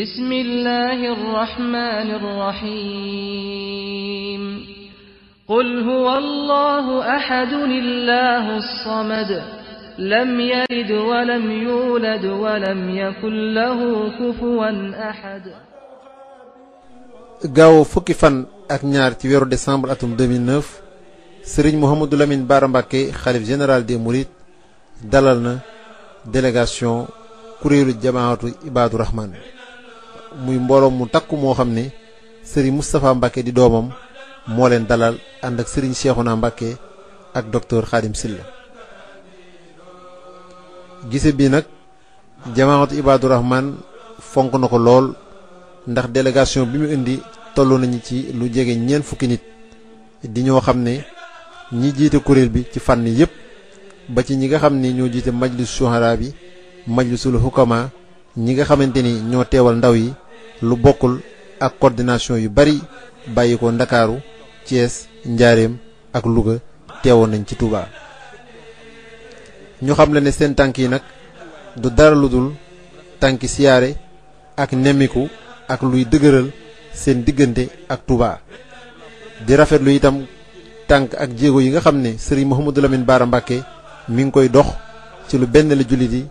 بسم الله الرحمن الرحيم قل هو الله أحد الله الصمد لم يلد ولم يولد ولم يكن له كفوا أحد gaaw fukki fan ak ñaar ci weeru décembre atum 2009 sëriñ Mouhamadou Lamine Bara Mbacké xalif général des dalal na délégation kuréelu jamaatu Ibaadu muy mbooloo mu takku moo xam ne sëriñ Moustapha Mbacke di doomam moo leen dalal ànd ak sëriñ naa Mbacke ak docteur Khadim Silla gise bi nag jamaatu Ibadou Rahman fonk na ko lool ndax délégation bi mu indi toll nañu ci lu jege ñeent fukki nit di ñoo xam ne ñi jiite kuréel bi ci fànn yépp ba ci ñi nga xam ne ñoo jiite majlis shuhara bi majlisul hukama ñi nga xamante ni ñoo teewal ndaw yi lu bokkul ak coordination yu bari bàyyi ko Ndakaaru Thiès Njaareem ak Louga teewoon nañ ci Touba. ñu xam la ne seen tànk yi nag du dara lu dul tànki siyaare ak nemmiku ak luy dëgëral seen diggante ak Touba di rafetlu itam tànk ak jéego yi nga xam ne sëriñ Mouhamadou Lamine Bara Mbacké mi ngi koy dox ci lu benn la jullit yi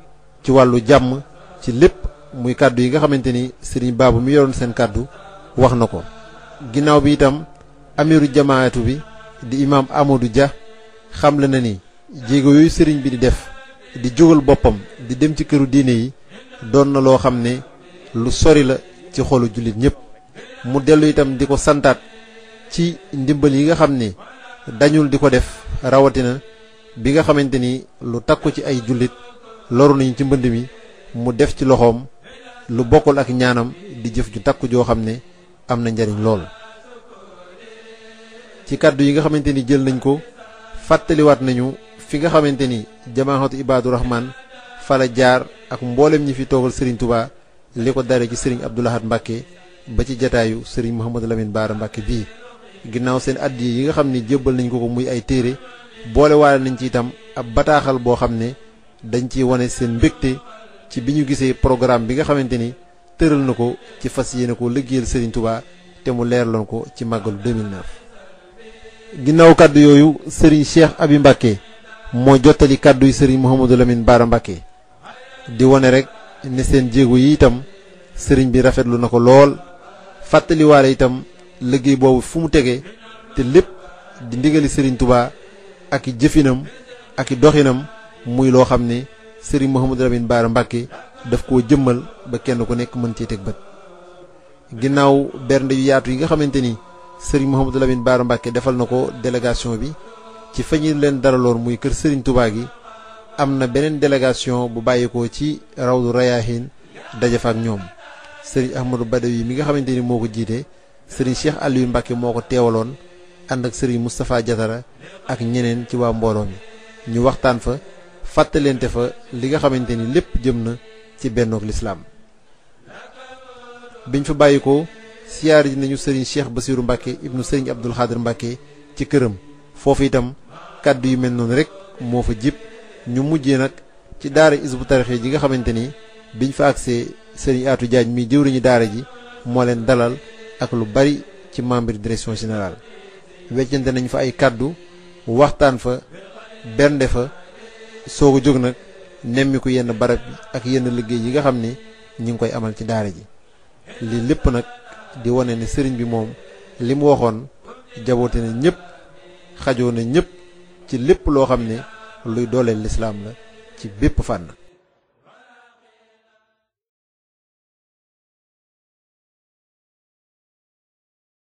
ci wàllu jàmm ci lépp muy kàddu yi nga xamante ni Serigne Babou mi yoroon seen kàddu wax na ko ginnaaw bi itam amiru jamaatu bi di imaam Amadou Dia xamle na ni jéego yooyu sëriñ bi di def di jógal boppam di dem ci këru diine yi doon na loo xam ne lu sori la ci xolu jullit ñëpp mu dellu itam di ko santaat ci ndimbal yi nga xam ne dañul di ko def rawatina bi nga xamante ni lu takku ci ay jullit loru nañu ci mbënd mi mu def ci loxoom lu bokkul ak ñaanam di jëf ju takku joo xam ne am na njariñ lool ci kàddu yi nga xamante ni jël nañ ko fàttaliwaat nañu fi nga xamante ni jamaahatu ibaadu rahmaan fala jaar ak mboolem ñi fi toogal sëriñ tubaa li ko dare ci sëriñ Abdou Lahad Mbàkke ba ci jataayu sëriñ Mouhamadou Lamine Baara Mbàkke bii ginnaaw seen at yi nga xam ne jébbal nañ ko ko muy ay téere boolewaale nañ ci itam ab bataaxal boo xam ne dañ ci wane seen mbégte ci bi ñu gisee programme bi nga xamante ni tëral na ko ci fas yéene ko liggéeyal Serigne Touba te mu leer leerloon ko ci màggalu 2009. ginnaaw kàddu yooyu Serigne Cheikh Abi Mbacke moo jottali kàddu yi Serigne Mouhamadou Lamine Bara Mbacke di wone rek ne seen jéego yi itam Serigne bi rafetlu na ko lool fàttaliwaale itam liggéey boobu fu mu tege te lépp di ndigali sëriñ Touba ak i jëfinam ak i doxinam muy loo xam ne. Serigne Mouhamadou Lamine Bara Mbacke daf koo jëmmal ba kenn ku nekk mën cee teg bët ginnaaw bernde yu yaatu yi nga xamante ni Serigne Mouhamadou Lamine Bara Mbacke defal na ko délégation bi ci fa yi leen daraloon muy kër Serigne Touba yi am na beneen délégation bu bàyyeekoo ci rawdu Rayaahin daje fa ak ñoom Serigne Ahmadou Badawi mi nga xamante ni moo ko jiite Serigne Cheikh Aliou Mbacke moo ko teewaloon ànd ak Serigne Moustapha Diatara ak ñeneen ci waa mbooloo mi waxtaan fa. fàttalente fa li nga xamante ni lépp jëm na ci bennoog lislaam biñ fa bàyyi ko siyaar ji nañu sëriñ Cheikh Bassirou Mbacke ibnu sëriñ Abdoul Khadir Mbacke ci këram foofu itam kàddu yi mel noonu rek moo fa jib ñu mujje nag ci daara isbu tarixe ji nga xamante ni biñ fa agsee sëriñ Atou Diagne mi jëwriñu daara ji moo leen dalal ak lu bari ci membre direction générale weccante nañ fa ay kàddu waxtaan fa bernde fa soog a jóg nag nemmiku yenn barab bi ak yenn liggéey yi nga xam ni ñu ngi koy amal ci daara ji lii lépp nag di wane ne sëriñ bi moom li mu waxoon jaboote na ñëpp xajoo na ñëpp ci lépp loo xam ne luy doole lislaam la ci bépp fànn